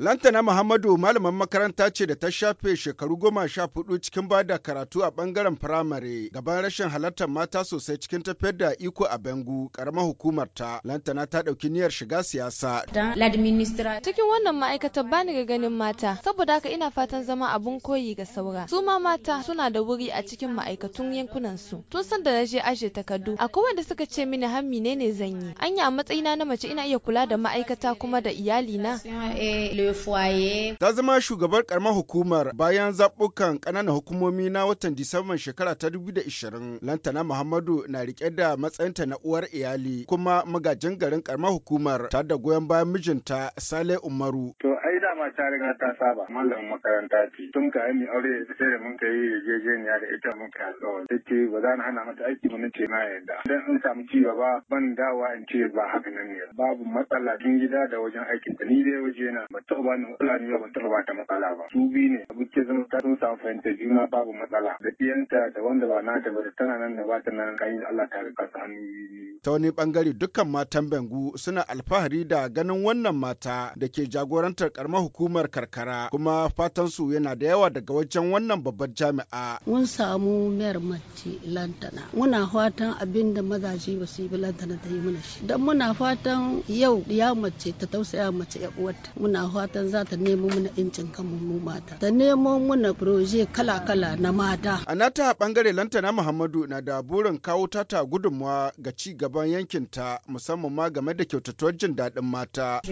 Lantana Muhammadu malaman makaranta ce da ta shafe shekaru goma sha hudu cikin ba da karatu a bangaren firamare gaban rashin halartar mata sosai cikin tafiyar da iko a Bengu karamar hukumar ta. Lantana ta ɗauki niyyar shiga siyasa. Cikin wannan ma'aikatar ba ni ga ganin mata saboda haka ina fatan zama abun koyi ga saura. Su ma mata suna da wuri a cikin ma'aikatun yankunan su. Tun san da na je aje takardu akwai wanda suka ce mini hammi ne ne zan yi. Anya a matsayina na mace ina iya kula da ma'aikata kuma da iyalina. Eh, Ta zama shugabar karamar hukumar bayan zaɓukan ƙananan hukumomi na watan Disamban shekara ta 2020. Lantana Muhammadu na riƙe da matsayinta na uwar iyali kuma magajin garin karamar hukumar ta da goyon bayan mijinta Sale Umaru. To ai dama ta riga ta saba mallamin makaranta ce tun ka yi aure da sai da mun ka yi yarjejeniya da ita mun ka ta ce ba za na hana mata aiki mun ce na yarda idan in samu ci gaba ban dawa in ce ba haka nan ne babu matsala tun gida da wajen aikin ta ni dai waje na ba taɓa bani matsala ni ta taɓa ta matsala ba su biyu ne ke zama ta sun samu fahimtar juna babu matsala da ɗiyanta da wanda ba na ta ba da tana nan da ba ta nan kan Allah ta riga ta hannu Ta wani bangare dukkan matan Bengu suna alfahari da ganin wannan mata da ke jagorantar ƙaramar hukumar karkara kuma fatan su yana da yawa daga wajen wannan babbar jami'a. Mun samu mayar mace lantana. Muna fatan abin da mazaje ba su yi lantana ta yi mana shi. Don muna fatan yau ya mace ta tausaya mace ya uwarta. Muna fatan za ta nemo mana incin kanmu mu mata. Ta nemo mana proje kala-kala na mata. A nata bangare lantana Muhammadu na da burin kawo tata gudunmawa ga ci gaban yankinta musamman ma game da kyautatuwar jin daɗin mata.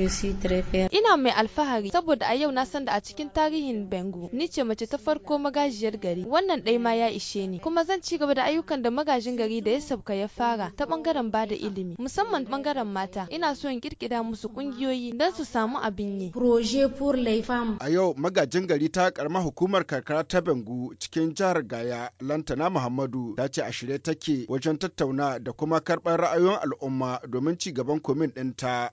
Ina mai alfahari saboda a yau na san da a cikin tarihin Bengu ni ce mace ta farko magajiyar gari wannan ɗai ma ya ishe ni kuma zan ci gaba da ayyukan da magajin gari da ya sabka ya fara ta bangaren da ilimi musamman bangaren mata ina so in kirkira musu ƙungiyoyi don su samu abin yi. pour les femmes. A yau magajin gari ta karamar hukumar karkara ta Bengu cikin jihar Gaya Lantana Muhammadu ta ce a shirye take wajen tattauna da kuma karɓar ra'ayoyin al'umma domin ci gaban komin ɗinta.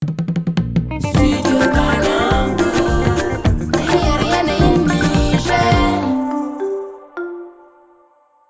Studio you. y